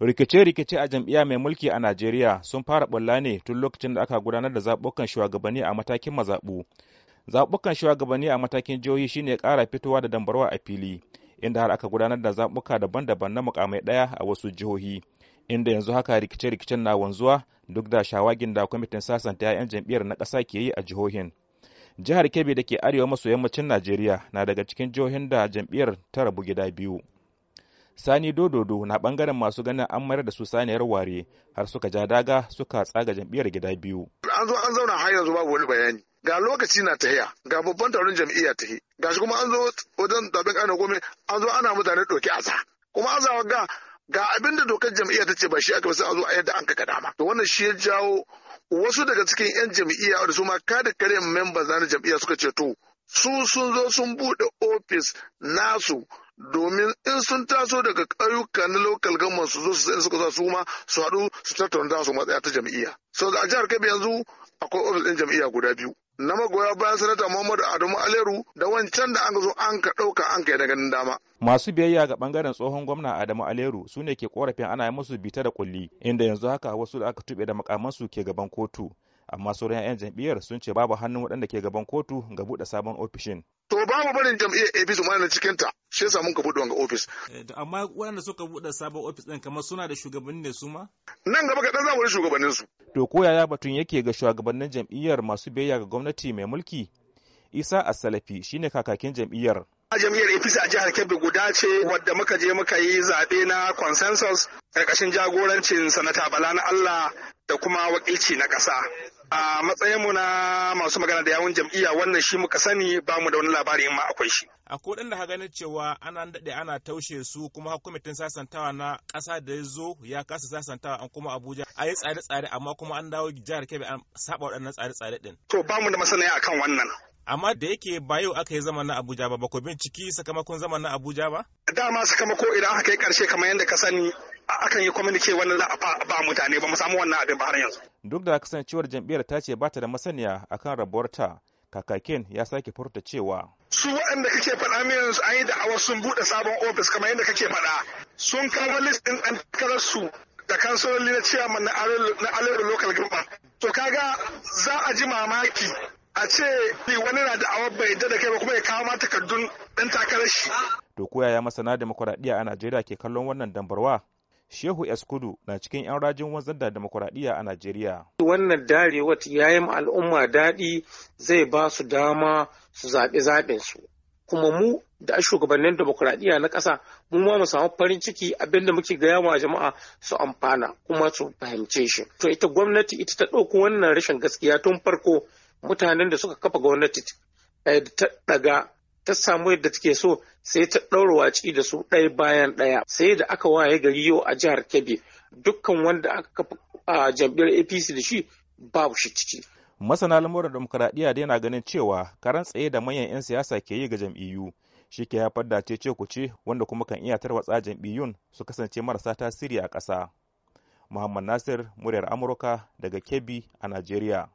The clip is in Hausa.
Rikice-rikice a jam'iyya mai mulki a Najeriya sun fara bulla ne tun lokacin da aka gudanar da zaɓukan shugabanni a matakin mazaɓu. Zaɓukan shugabanni a matakin jihohi shine ƙara fitowa da dambarwa a fili, inda har aka gudanar da zaɓuka daban-daban na mukamai ɗaya a wasu jihohi. Inda yanzu haka rikice-rikicen na wanzuwa duk da shawagin da kwamitin sasanta 'ya'yan jam'iyyar na ƙasa ke yi a jihohin. Jihar Kebbi da ke arewa maso yammacin Najeriya na daga cikin jihohin da jam'iyyar ta rabu gida biyu. sani dododo na bangaren masu ganin an mayar da su saniyar ware har suka ja daga suka tsaga jam'iyyar gida biyu an zo an zauna har yanzu babu wani bayani ga lokaci na tahiya ga babban taron jam'iyya yi ga shi kuma an zo wajen zaben ƙanan gome an zo ana mutane ɗauki sa kuma an zawa ga ga abin da dokar jam'iyya ta ce ba shi aka sai an zo a yadda an kaka ma to wannan shi ya jawo wasu daga cikin 'yan jam'iyya da su ma kada kare memba na jam'iyya suka ce to su sun zo sun buɗe ofis nasu domin in sun taso daga ƙauyuka na lokal government su zo su sai suka su ma su haɗu su tattauna su matsaya ta jam'iyya. So a jihar Kebbi yanzu akwai ofis ɗin jam'iyya guda biyu. na magoya bayan sanata Muhammadu Adamu Aleru da wancan da an zo an ka ɗauka an kai da ganin dama. Masu biyayya ga bangaren tsohon gwamna Adamu Aleru su ne ke korafin ana yi musu bita da kulli inda yanzu haka wasu da aka tuɓe da makamansu ke gaban kotu. amma sauran 'ya'yan jam'iyyar sun ce babu hannun waɗanda ke gaban kotu ga buɗe sabon ofishin. To ba mu barin jam'iyyar APC mu na cikin ta shi yasa mun ka buɗe wanga ofis. Eh, amma waɗanda suka buɗe sabon ofis ɗin kamar suna da shugabanni ne su ma? Nan gaba kaɗan za mu shugabannin su. To ko yaya batun yake ga shugabannin jam'iyyar masu biyayya ga gwamnati mai mulki? Isa Asalafi shine kakakin jam'iyyar. a jam'iyyar apc a jihar kebbi guda ce wadda muka je muka yi zaɓe na consensus ƙarƙashin jagorancin sanata bala na allah da kuma wakilci na ƙasa. A matsayinmu na masu magana da yawun jam'iyya wannan shi muka sani ba mu da wani labarin ma akwai shi. A ko da ha ganin cewa ana daɗe ana taushe su kuma kwamitin sasantawa na ƙasa da ya zo ya kasa sasantawa an kuma Abuja a yi tsare-tsare amma kuma an dawo jihar Kebbi an saba waɗannan tsare-tsare ɗin. To ba mu da masanaya kan wannan. amma da yake ba yau aka yi zaman na Abuja ba ba ku binciki sakamakon zaman na Abuja ba? Dama sakamako idan aka yi ƙarshe kamar yadda ka sani akan yi kwamunike wannan za a ba mutane ba mu samu wannan abin ba har yanzu. Duk da kasancewar jam'iyyar ta ce ba ta da masaniya akan rabuwar ta kakakin ya sake furta cewa. Su waɗanda kake faɗa min yanzu an yi da'awar sun buɗe sabon ofis kamar yadda kake faɗa sun kawo list ɗin ɗan su da kansololi na ciyaman na alero local government. To kaga za a ji mamaki a ce wani na da'awar bai da kai ba kuma ya kawo ma takardun ɗan takarar shi. To koyaya masana demokuraɗiyya a Najeriya ke kallon wannan dambarwa? Shehu Eskudu na cikin 'yan rajin wanzar da demokuraɗiyya a Najeriya. Wannan darewar ya yi al'umma daɗi zai ba su dama su zaɓi su, Kuma mu da shugabannin demokuraɗiyya na ƙasa mu ma mu samu farin ciki abinda muke gaya wa jama'a su amfana kuma su fahimce shi. To ita gwamnati ita ta ɗauko wannan rashin gaskiya tun farko mutanen da suka kafa gwamnati eh, ta ɗaga ta samu yadda take so sai ta ɗaura waci da su ɗaya bayan ɗaya sai da aka waye gari yau a jihar kebbi dukkan wanda aka kafa a jam'iyyar apc da shi babu shi ciki masana lamuran demokuraɗiyya dai na ganin cewa karan tsaye da manyan 'yan siyasa ke yi ga jam'iyyu shi ke haifar da ce ce wanda kuma kan iya tarwatsa jam'iyyun su kasance marasa tasiri a ƙasa muhammad nasir muryar amurka daga kebbi a najeriya